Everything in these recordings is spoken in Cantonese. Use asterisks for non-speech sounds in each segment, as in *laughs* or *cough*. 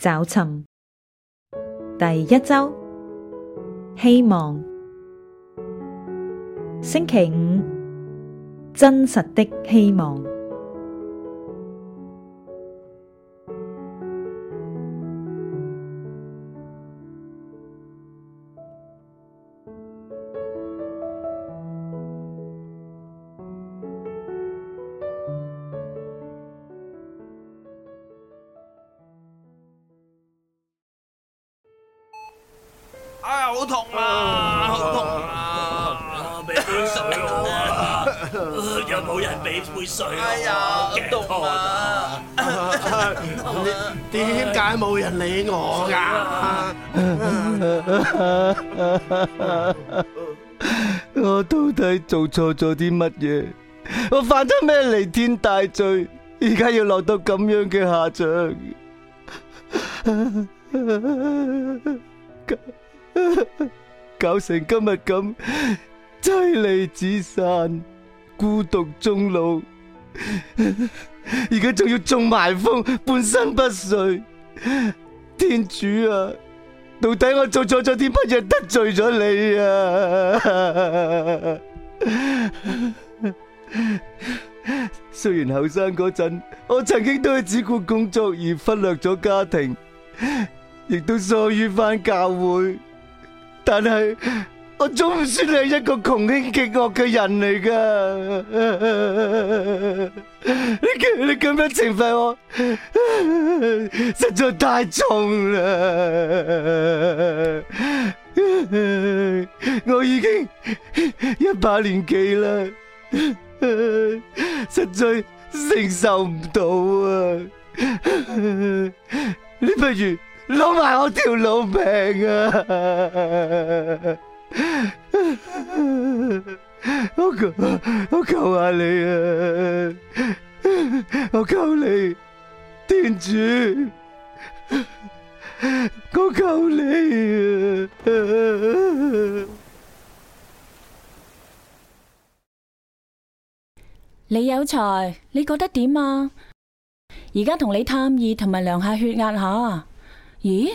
找尋第一週，希望，星期五，真實的希望。做咗啲乜嘢？我犯咗咩彌天大罪？而家要落到咁樣嘅下場， *laughs* 搞成今日咁妻離子散，孤獨終老，而家仲要中埋風，半身不遂。 *laughs* 天主啊，到底我做錯咗啲乜嘢得罪咗你啊？ *laughs* *laughs* 雖然後生嗰陣，我曾經都係只顧工作而忽略咗家庭，亦都疏於翻教會，但係我總唔算係一個窮兇極惡嘅人嚟噶。 *laughs* 你你咁樣懲罰我，實 *laughs* 在太重啦！ *laughs* 我已經一把年紀啦，實在承受唔到啊！你不如攞埋我條老命啊！我求我求下你啊！我求你，天主。我求你啊！李有財，你覺得點啊？而家同你探熱同埋量下血壓下。咦，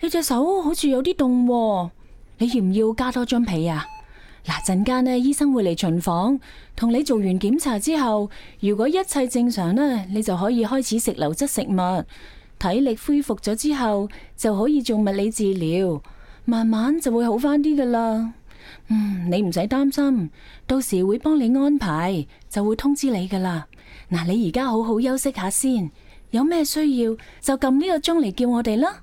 你隻手好似有啲凍喎，你要唔要加多張被啊？嗱，陣間呢，醫生會嚟巡房，同你做完檢查之後，如果一切正常呢，你就可以開始食流質食物。體力恢復咗之後，就可以做物理治療，慢慢就會好返啲噶啦。嗯，你唔使擔心，到時會幫你安排，就會通知你噶啦。嗱，你而家好好休息下先，有咩需要，就撳呢個鐘嚟叫我哋啦。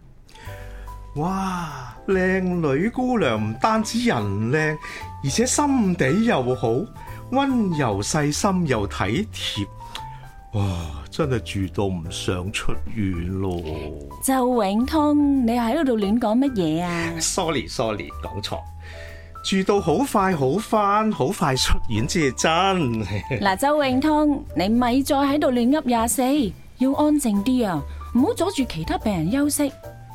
哇，靚女姑娘唔單止人靚，而且心地又好，溫柔細心又體貼。哇！真係住到唔想出院咯，周永通，你又喺度亂講乜嘢啊？Sorry，Sorry，講 sorry, 錯，住到好快好返，好快出院先係真。嗱， *laughs* 周永通，你咪再喺度亂噏廿四，要安靜啲啊！唔好阻住其他病人休息。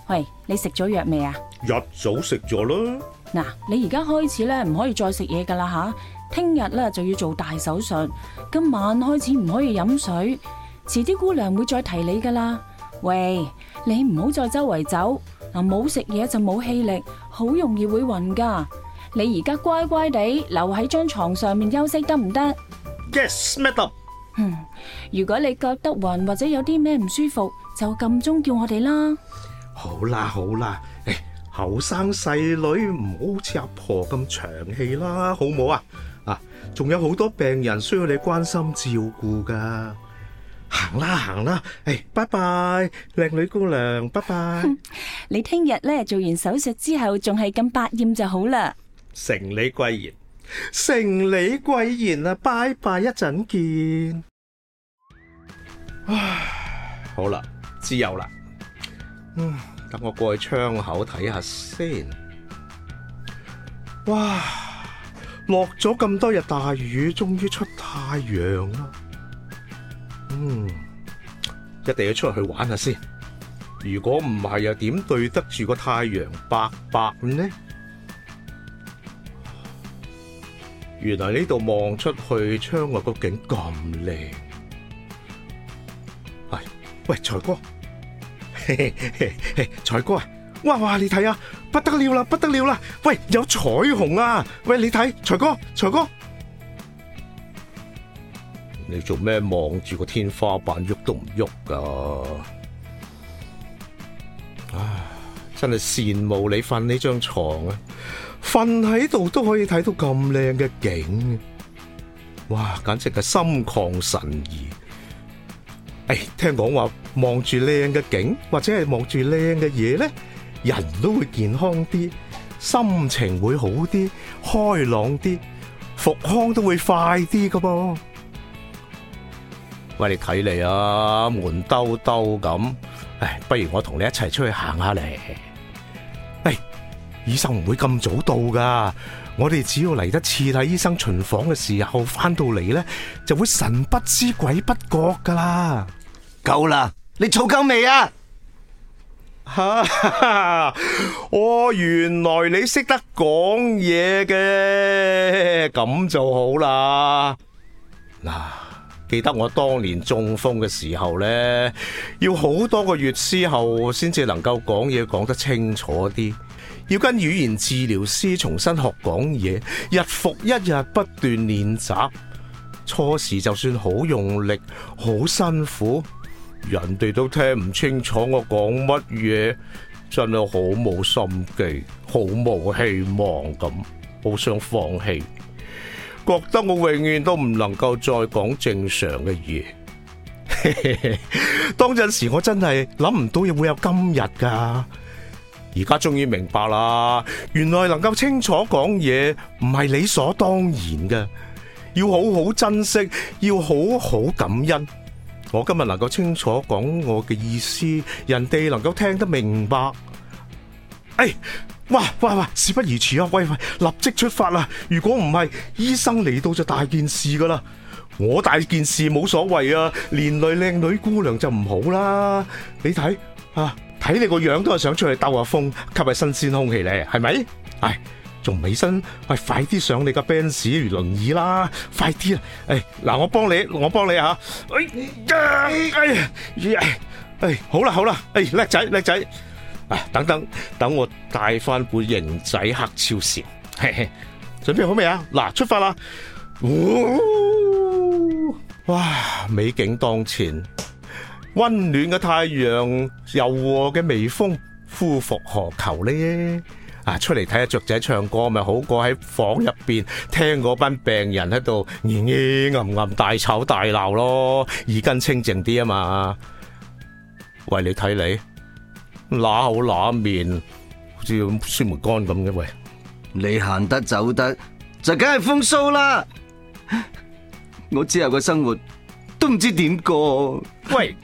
喂，你食咗藥未啊？一早食咗啦。嗱，你而家開始咧，唔可以再食嘢噶啦吓。啊聽日啦就要做大手術，今晚開始唔可以飲水，遲啲姑娘會再提你噶啦。喂，你唔好再周圍走，嗱冇食嘢就冇氣力，好容易會暈噶。你而家乖乖地留喺張床上面休息得唔得？Yes，Madam。Yes, Madam. 嗯，如果你覺得暈或者有啲咩唔舒服，就撳鐘叫我哋啦。好啦好啦，誒，後生細女唔好似阿婆咁長氣啦，好唔好啊？仲有好多病人需要你關心照顧噶行啦行啦，誒，拜拜，靚女姑娘，拜拜。你聽日咧做完手術之後仲係咁百厭就好啦。承你貴言，承你貴言啊，拜拜，一陣見。唉，好啦，自由啦，嗯，等我過去窗口睇下先。哇！落咗咁多日大雨，終於出太陽啦，啊！嗯，一定要出去玩下先。如果唔係，又點對得住個太陽伯伯呢？原來呢度望出去窗外個景咁靚。係、哎、喂，財哥，嘿嘿嘿，財哥啊！哇哇！你睇啊，不得了啦，不得了啦！喂，有彩虹啊！喂，你睇，財哥，財哥，你做咩望住個天花板喐都唔喐㗎？唉、啊，真係羨慕你瞓呢張床啊！瞓喺度都可以睇到咁靚嘅景，哇，簡直係心曠神怡！唉、哎，聽講話望住靚嘅景，或者係望住靚嘅嘢咧？人都會健康啲，心情會好啲，開朗啲，復康都會快啲噶噃。喂，你睇你啊，悶兜兜咁，唉，不如我同你一齊出去行下嚟。唉，醫生唔會咁早到噶，我哋只要嚟得切睇醫生巡房嘅時候，返到嚟呢就會神不知鬼不覺噶啦。夠啦，你嘈夠未啊？吓！我、 *laughs* 哦、原來你識得講嘢嘅，咁就好啦。嗱， *laughs* 記得我當年中風嘅時候呢，要好多個月之後先至能夠講嘢講得清楚啲，要跟語言治療師重新學講嘢，日復一日不斷練習，初時就算好用力，好辛苦。人哋都聽唔清楚我講乜嘢，真係好冇心機，好冇希望咁，好想放棄，覺得我永遠都唔能夠再講正常嘅嘢。 *laughs* 當陣時我真係諗唔到會有今日噶，而家終於明白啦，原來能夠清楚講嘢唔係理所當然嘅，要好好珍惜，要好好感恩。我今日能夠清楚講我嘅意思，人哋能夠聽得明白。哎，哇哇哇！事不宜遲啊，喂喂，立即出發啦！如果唔係，醫生嚟到就大件事噶啦。我大件事冇所謂啊，連累靚女姑娘就唔好啦。你睇啊，睇你個樣都係想出去兜下風，吸下新鮮空氣咧，係咪？哎。仲唔起身？喂，快啲上你架 Benz 輪椅啦！快啲啊！誒、哎，嗱，我幫你，我幫你啊！哎哎，好啦，好啦，哎，叻仔，叻仔！啊、哎，等等，等我戴返副型仔黑超先， *laughs* 準備好未啊？嗱、啊，出發啦！哇、哦哎，美景當前，溫暖嘅太陽，柔和嘅微風，夫復何求呢？啊！出嚟睇下雀仔唱歌，咪好過喺房入邊聽嗰班病人喺度暗暗大吵大鬧咯，耳根清淨啲啊嘛！喂，你睇你，乸口乸面，好似酸梅乾咁嘅喂，你行得走得就梗係風騷啦！我之後嘅生活都唔知點過。 *laughs* 喂，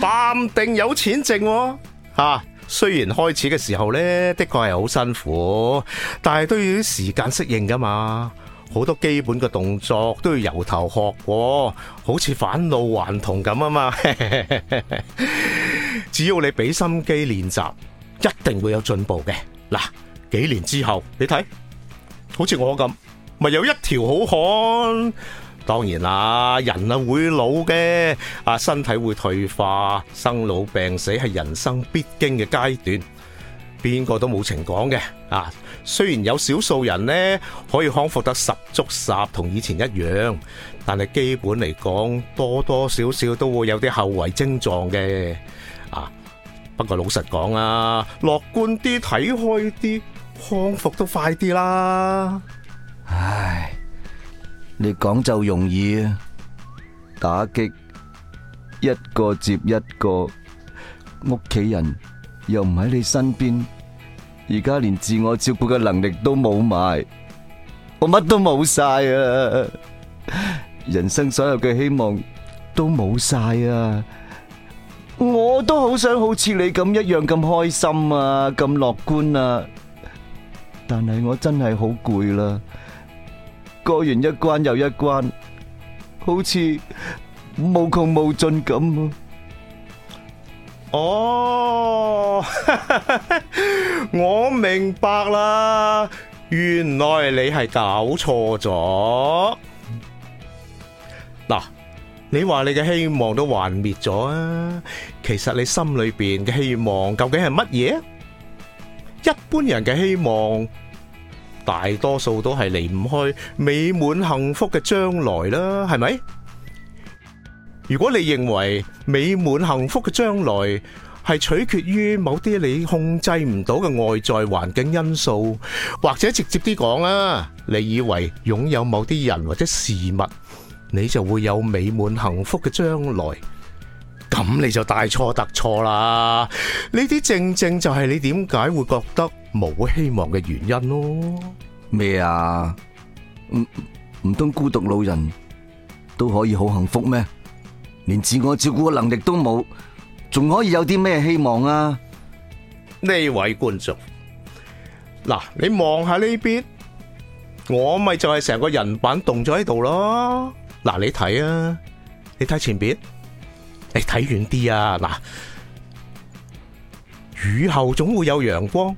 淡定有錢剩喎，吓！ *laughs* 雖然開始嘅時候呢，的確係好辛苦，但係都要啲時間適應噶嘛，好多基本嘅動作都要由頭學過，好似返老還童咁啊嘛！ *laughs* 只要你俾心機練習，一定會有進步嘅。嗱，幾年之後，你睇，好似我咁，咪又一條好漢。當然啦，人啊會老嘅，啊身體會退化，生老病死係人生必經嘅階段，邊個都冇情講嘅。啊，雖然有少數人呢可以康復得十足十同以前一樣，但係基本嚟講，多多少少都會有啲後遺症狀嘅。啊，不過老實講啊，樂觀啲，睇開啲，康復都快啲啦。你講就容易啊！打擊一個接一個，屋企人又唔喺你身邊，而家連自我照顧嘅能力都冇埋，我乜都冇晒啊！人生所有嘅希望都冇晒啊！我都好想好似你咁一樣咁開心啊，咁樂觀啊，但係我真係好攰啦。過完一關又一關，好似無窮無盡咁啊！哦， *laughs* 我明白啦，原來你係搞錯咗。嗱，你話你嘅希望都幻滅咗啊？其實你心裏面嘅希望究竟係乜嘢？一般人嘅希望，大多數都係離唔開美滿幸福嘅將來啦，係咪？如果你認為美滿幸福嘅將來係取決於某啲你控制唔到嘅外在環境因素，或者直接啲講啊，你以為擁有某啲人或者事物，你就會有美滿幸福嘅將來，咁你就大錯特錯啦！呢啲正正就係你點解會覺得？冇希望嘅原因咯？咩啊？唔唔通孤獨老人都可以好幸福咩？連自我照顧嘅能力都冇，仲可以有啲咩希望啊？呢位觀眾，嗱，你望下呢邊，我咪就係成個人板動咗喺度咯。嗱，你睇啊，你睇前邊，你睇遠啲啊。嗱，雨後總會有陽光。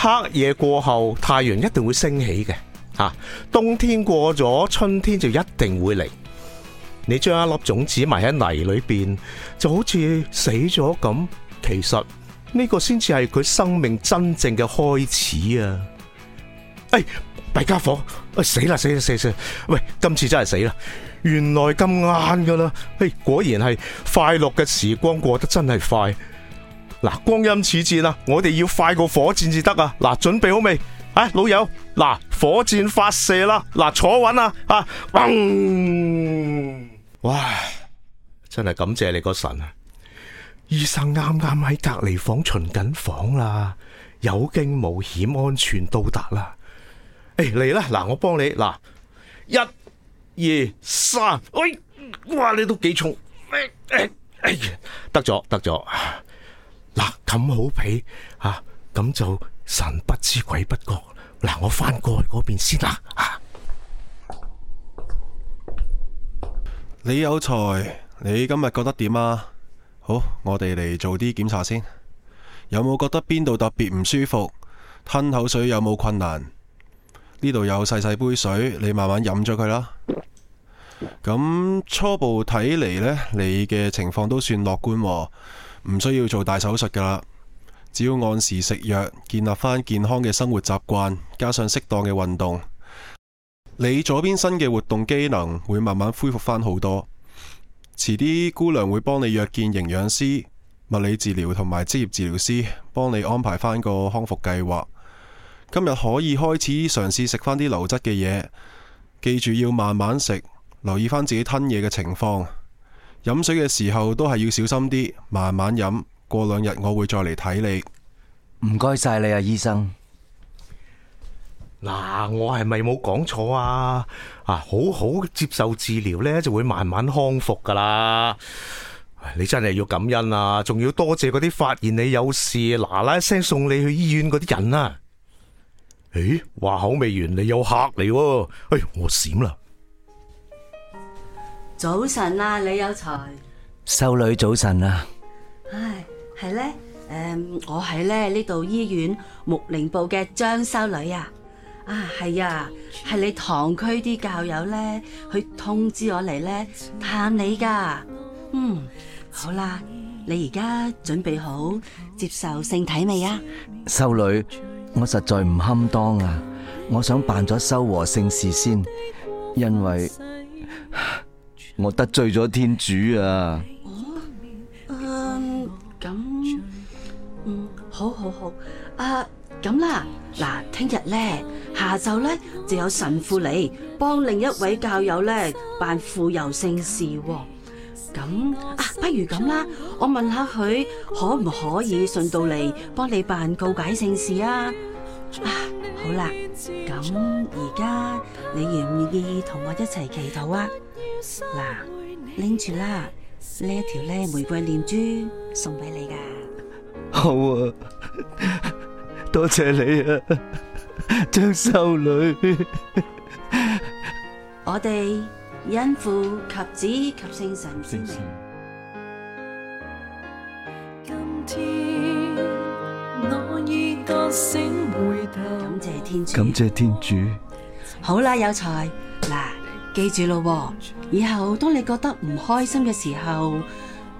黑夜過後，太陽一定會升起嘅。吓、啊，冬天過咗，春天就一定會嚟。你將一粒種子埋喺泥裏邊，就好似死咗咁。其實呢、這個先至係佢生命真正嘅開始啊！哎，弊家伙、哎，死啦死啦死啦！喂，今次真係死啦！原來咁啱噶啦！哎，果然係快樂嘅時光過得真係快。嗱，光陰似箭啊！我哋要快過火箭至得啊！嗱，準備好未？啊、哎，老友，嗱，火箭發射啦！嗱，坐穩啦！啊，嘣、呃！哇，真係感謝你個神啊！醫生啱啱喺隔離房巡緊房啦，有驚無險，安全到達啦！誒、哎，嚟啦！嗱，我幫你嗱，一二三，喂、哎，哇，你都幾重？誒、哎、誒、哎、得咗得咗。嗱，冚好被，吓、啊、咁就神不知鬼不覺。嗱、啊，我翻過去嗰邊先啦。李、啊、有財，你今日覺得點啊？好，我哋嚟做啲檢查先，有冇覺得邊度特別唔舒服？吞口水有冇困難？呢度有細細杯水，你慢慢飲咗佢啦。咁初步睇嚟呢，你嘅情況都算樂觀、啊。唔需要做大手術㗎喇，只要按時食藥，建立返健康嘅生活習慣，加上適當嘅運動，你左邊身嘅活動機能會慢慢恢復返好多。遲啲姑娘會幫你約見營養師、物理治療同埋職業治療師，幫你安排返個康復計劃。今日可以開始嘗試食返啲流質嘅嘢，記住要慢慢食，留意返自己吞嘢嘅情況。飲水嘅時候都係要小心啲，慢慢飲。過兩日我會再嚟睇你。唔該晒你啊，醫生。嗱、啊，我係咪冇講錯啊？啊，好好接受治療呢，就會慢慢康復㗎喇。你真係要感恩啊，仲要多謝嗰啲發現你有事嗱嗱聲送你去醫院嗰啲人啊。誒、哎，話口未完，你有客嚟喎，啊。哎，我閃啦。早晨啊，李有財，修女早晨啊！唉，係咧，誒、嗯，我喺咧呢度醫院牧靈部嘅張修女啊！啊，係啊，係你堂區啲教友咧去通知我嚟咧探你㗎。嗯，好啦，你而家準備好接受聖體未啊？修女，我實在唔堪當啊！我想辦咗修和聖事先，因為。我得罪咗天主啊！哦，嗯，咁，嗯，好好好，啊，咁啦，嗱，聽日咧，下晝咧就有神父嚟幫另一位教友咧辦傅油聖事，咁啊，不如咁啦，我問下佢可唔可以順道嚟幫你辦告解聖事啊？啊，好啦，咁而家你願唔願意同我一齊祈禱啊？嗱，拎住啦！呢一條咧玫瑰念珠送俾你噶。好啊，多謝你啊，張修女， *laughs* 我哋因父及子及聖神。天 *laughs* 感謝天主，感謝天主。 *laughs* 好啦，有財。嗱。記住咯，以後當你覺得唔開心嘅時候、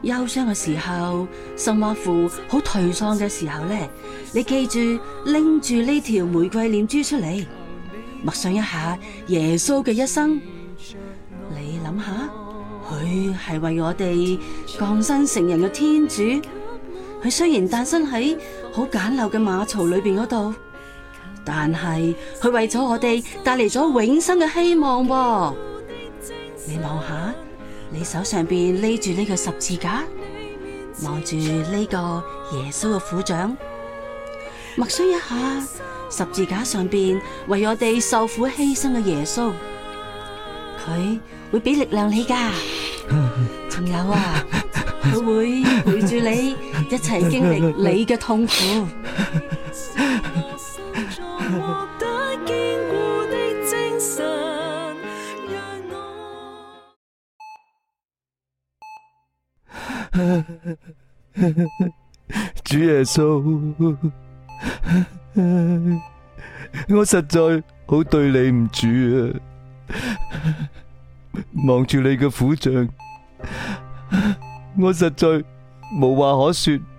憂傷嘅時候、甚至乎好頹喪嘅時候咧，你記住拎住呢條玫瑰念珠出嚟，默想一下耶穌嘅一生。你諗下，佢係為我哋降生成人嘅天主，佢雖然誕生喺好簡陋嘅馬槽裏邊嗰度，但係佢為咗我哋帶嚟咗永生嘅希望噃。你望下，你手上邊匿住呢個十字架，望住呢個耶穌嘅苦像，默想一下十字架上邊為我哋受苦犧牲嘅耶穌，佢會俾力量你㗎，仲有啊，佢會陪住你一齊經歷你嘅痛苦。 *laughs* 主耶穌， *laughs* 我實在好對你唔住啊！ *laughs* 望住你嘅苦像， *laughs* 我實在無話可說。 *laughs*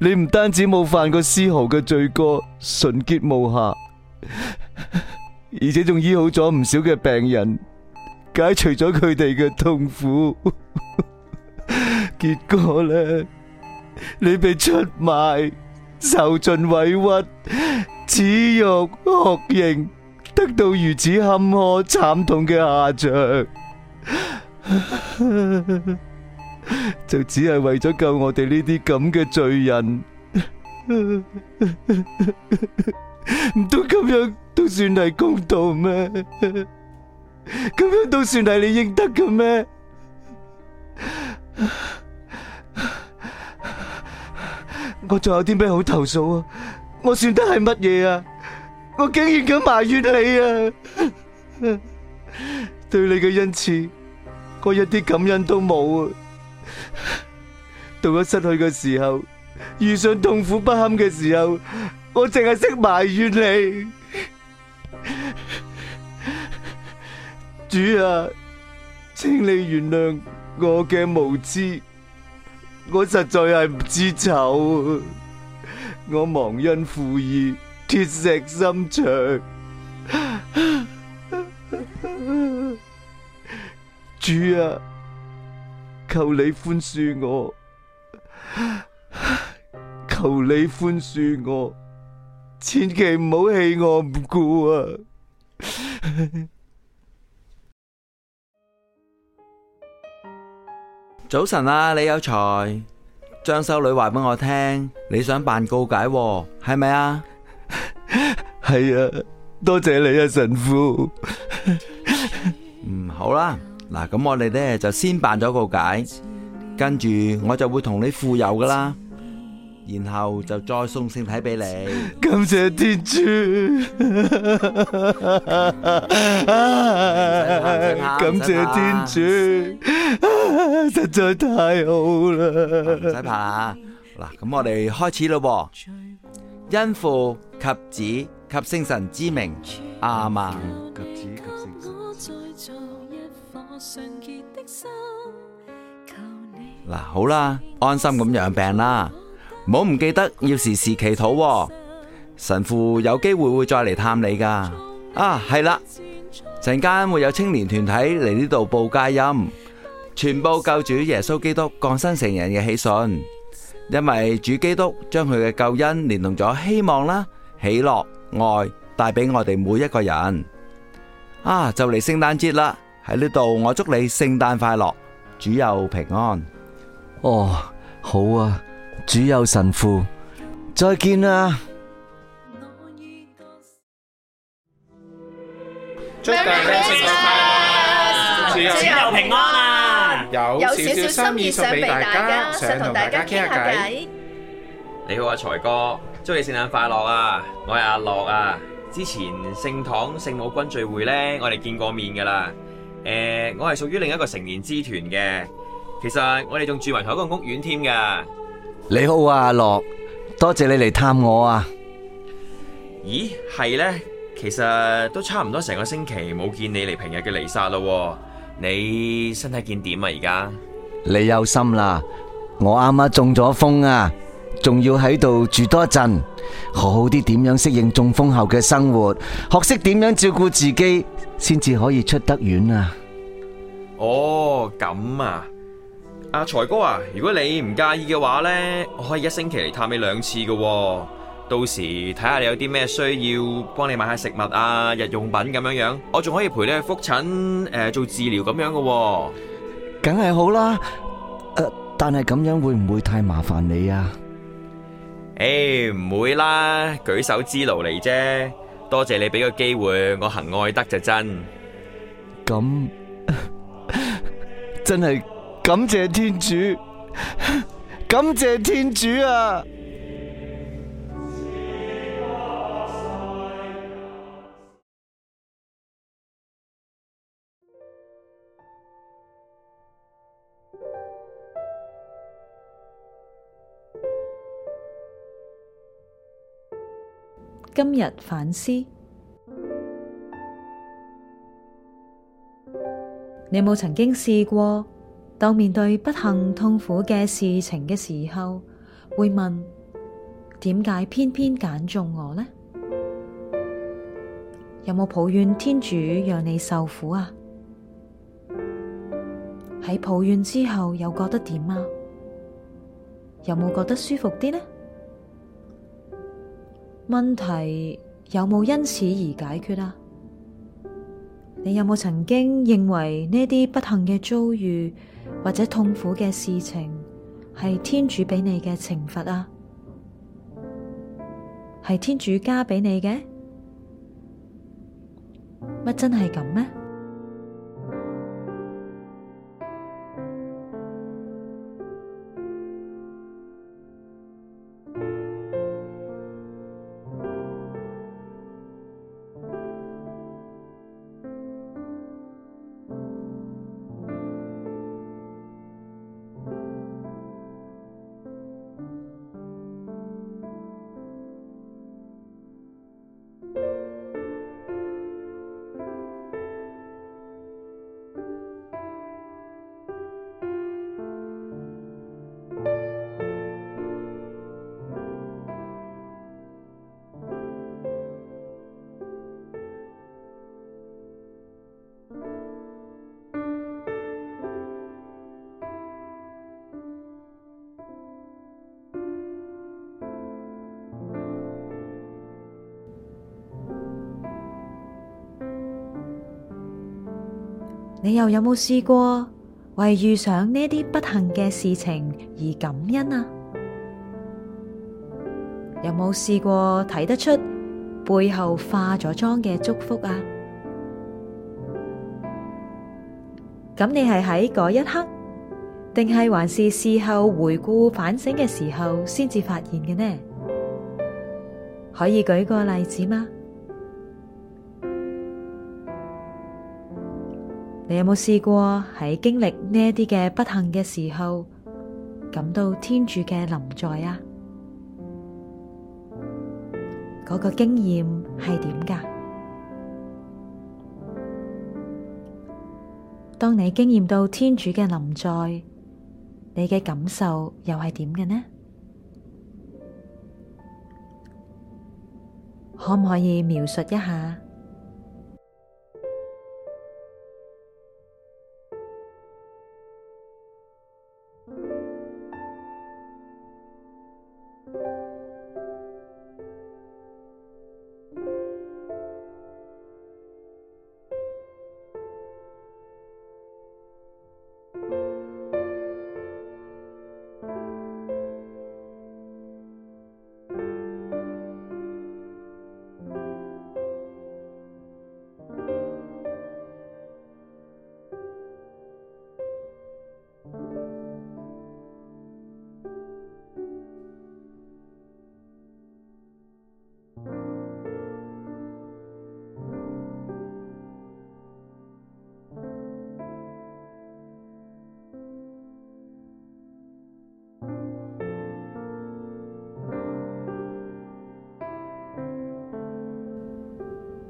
你唔單止冇犯過絲毫嘅罪過，純潔無瑕， *laughs* 而且仲醫好咗唔少嘅病人，解除咗佢哋嘅痛苦。 *laughs* 結果咧，你被出賣，受盡委屈，恥辱學認，得到如此坎坷慘痛嘅下場，就只係為咗救我哋呢啲咁嘅罪人，唔通咁樣都算係公道咩？咁樣都算係你應得嘅咩？我仲有啲咩好投訴啊？我算得係乜嘢啊？我竟然咁埋怨你啊！ *laughs* 對你嘅恩賜，我一啲感恩都冇啊！ *laughs* 到咗失去嘅時候，遇上痛苦不堪嘅時候，我淨係識埋怨你。 *laughs* 主啊，請你原諒我嘅無知。我實在係唔知醜啊！我忘恩負義，鐵石心腸。 *laughs* 主啊，求你寬恕我，求你寬恕我，千祈唔好棄我唔顧啊！ *laughs* 早晨啊，李有財，張修女話俾我聽，你想辦告解係咪啊？係 *laughs* 啊，多謝你啊神父。 *laughs* 嗯，好啦，嗱，咁我哋咧就先辦咗告解，跟住我就會同你傅油㗎喇。然後就再送聖體俾你。感謝天主， *laughs* 啊、感謝天主，啊、實在太好啦！唔使怕啊，嗱，咁我哋開始咯，因父及子及聖神之名，阿曼。嗱、啊，好啦，安心咁養病啦。唔好唔記得要時時祈禱，神父有機會會再嚟探你㗎。啊，係啦，陣間會有青年團體嚟呢度報佳音，全部救主耶穌基督降生成人嘅喜訊，因為主基督將佢嘅救恩連同咗希望啦、喜樂、愛帶俾我哋每一個人。啊，就嚟聖誕節啦，喺呢度我祝你聖誕快樂，主佑平安。哦，好啊。主有神父，再見啦！祝大家聖誕快樂，主有平安啊！有有少少心意想俾大家，想同大家傾下偈。你好啊，財哥，祝你聖誕快樂啊！我係阿樂啊。之前聖堂聖母軍聚會咧，我哋見過面噶啦。誒，我係屬於另一個成年支團嘅，其實我哋仲住埋同一個屋苑添噶。你好啊，阿樂，多謝你嚟探我啊！咦，係咧，其實都差唔多成個星期冇見你嚟平日嘅離沙啦，啊，你身體見點啊？而家你有心啦，我啱啱中咗風啊，仲要喺度住多陣，好好啲點樣適應中風後嘅生活，學識點樣照顧自己，先至可以出得院啊！哦，咁啊！阿財哥啊，如果你唔介意嘅話呢，我可以一星期嚟探你兩次嘅。哦，到時睇下你有啲咩需要，幫你買下食物啊、日用品咁樣樣，我仲可以陪你去復診，誒、呃、做治療咁樣嘅。哦，梗係好啦。呃、但係咁樣會唔會太麻煩你啊？誒、欸，唔會啦，舉手之勞嚟啫。多謝你俾個機會，我行愛得就真。咁這樣 *laughs* 真係。感謝天主，感謝天主啊！今日反思，你有冇曾經試過？當面對不幸痛苦嘅事情嘅時候，會問，點解偏偏揀中我呢？有冇抱怨天主讓你受苦啊？喺抱怨之後又覺得點啊？有冇覺得舒服啲呢？問題有冇因此而解決啊？你有冇曾經認為呢啲不幸嘅遭遇？或者痛苦嘅事情係天主俾你嘅懲罰啊，係天主加俾你嘅。乜真係咁咩？你又有冇試過為遇上呢啲不幸嘅事情而感恩啊？有冇試過睇得出背後化咗妝嘅祝福啊？咁你係喺嗰一刻，定係還是事後回顧反省嘅時候先至發現嘅呢？可以舉個例子嗎？你有冇試過喺經歷呢啲嘅不幸嘅時候，感到天主嘅臨在啊？嗰個經驗係點㗎？當你經驗到天主嘅臨在，你嘅感受又係點嘅呢？可唔可以描述一下？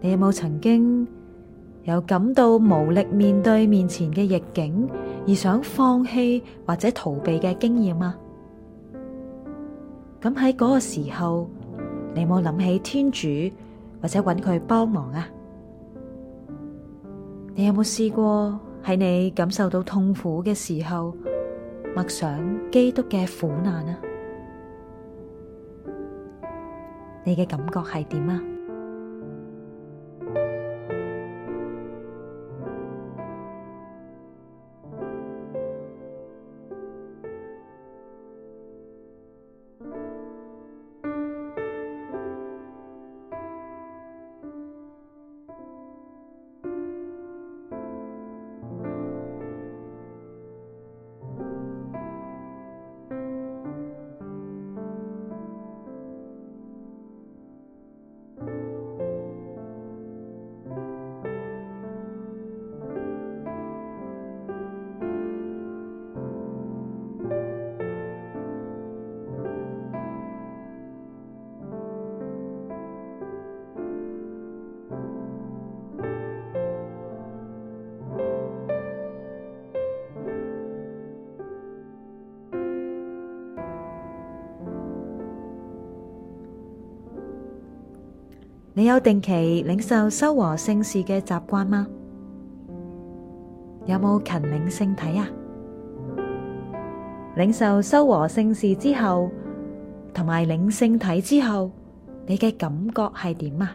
你有冇曾經有感到無力面對面前嘅逆境而想放棄或者逃避嘅經驗啊？咁喺嗰個時候，你有冇諗起天主或者揾佢幫忙啊？你有冇試過喺你感受到痛苦嘅時候默想基督嘅苦難啊？你嘅感覺係點啊？你有定期領受修和聖事嘅習慣嗎？有冇勤領聖體啊？領受修和聖事之後，同埋領聖體之後，你嘅感覺係點啊？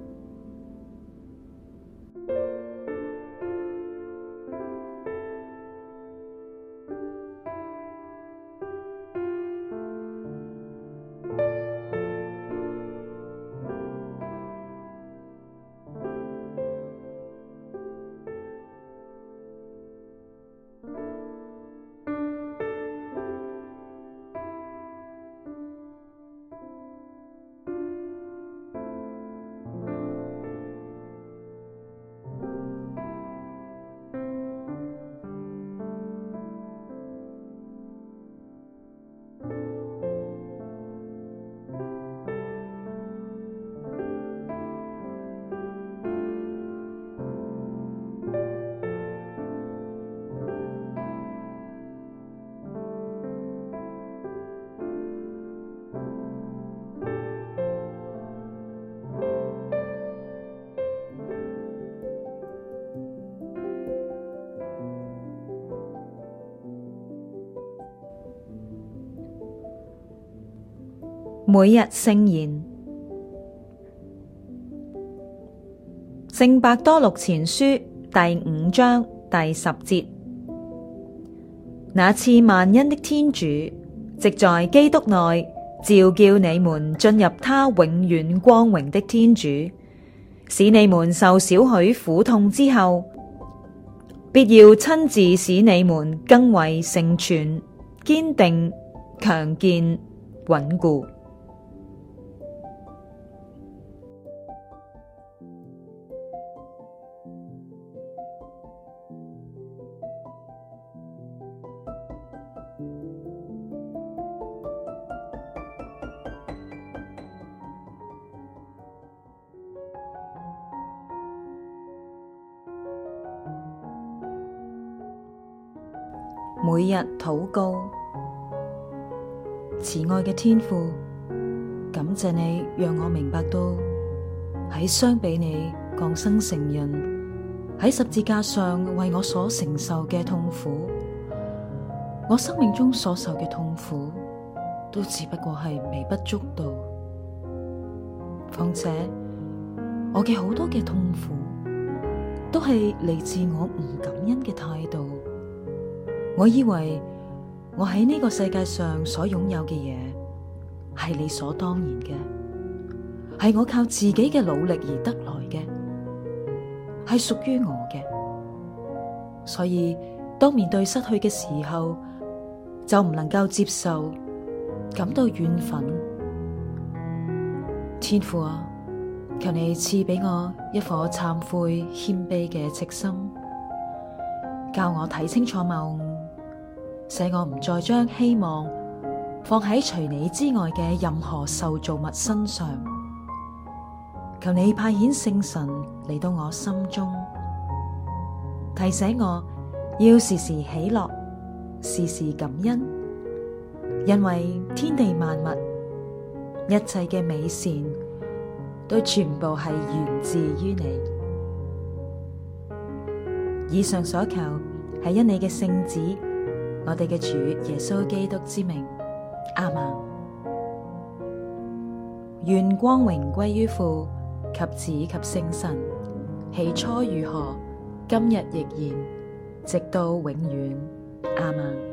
每日聖言，聖伯多祿前書第五章第十節，那賜萬恩的天主，即在基督內召叫你們進入他永遠光榮的天主，使你們受少許苦痛之後，必要親自使你們更為成全、堅定、強健、穩固。每日禱告，慈愛嘅天父，感謝你讓我明白到喺相比你降生成人喺十字架上為我所承受嘅痛苦，我生命中所受嘅痛苦都只不過係微不足道，況且我嘅好多嘅痛苦都係嚟自我唔感恩嘅態度。我以為我喺呢個世界上所擁有嘅嘢係理所當然嘅，係我靠自己嘅努力而得來嘅，係屬於我嘅。所以當面對失去嘅時候，就唔能夠接受，感到怨憤。天父啊，求你賜俾我一顆懺悔謙卑嘅赤心，教我睇清楚某。使我唔再將希望放喺除你之外嘅任何受造物身上，求你派遣聖神嚟到我心中，提醒我要時時喜樂，時時感恩，因為天地萬物，一切嘅美善，都全部係源自於你。以上所求，係因你嘅聖旨。我哋嘅主耶穌基督之名，亞孟。願光榮歸於父及子及聖神。起初如何，今日亦然，直到永遠，亞孟。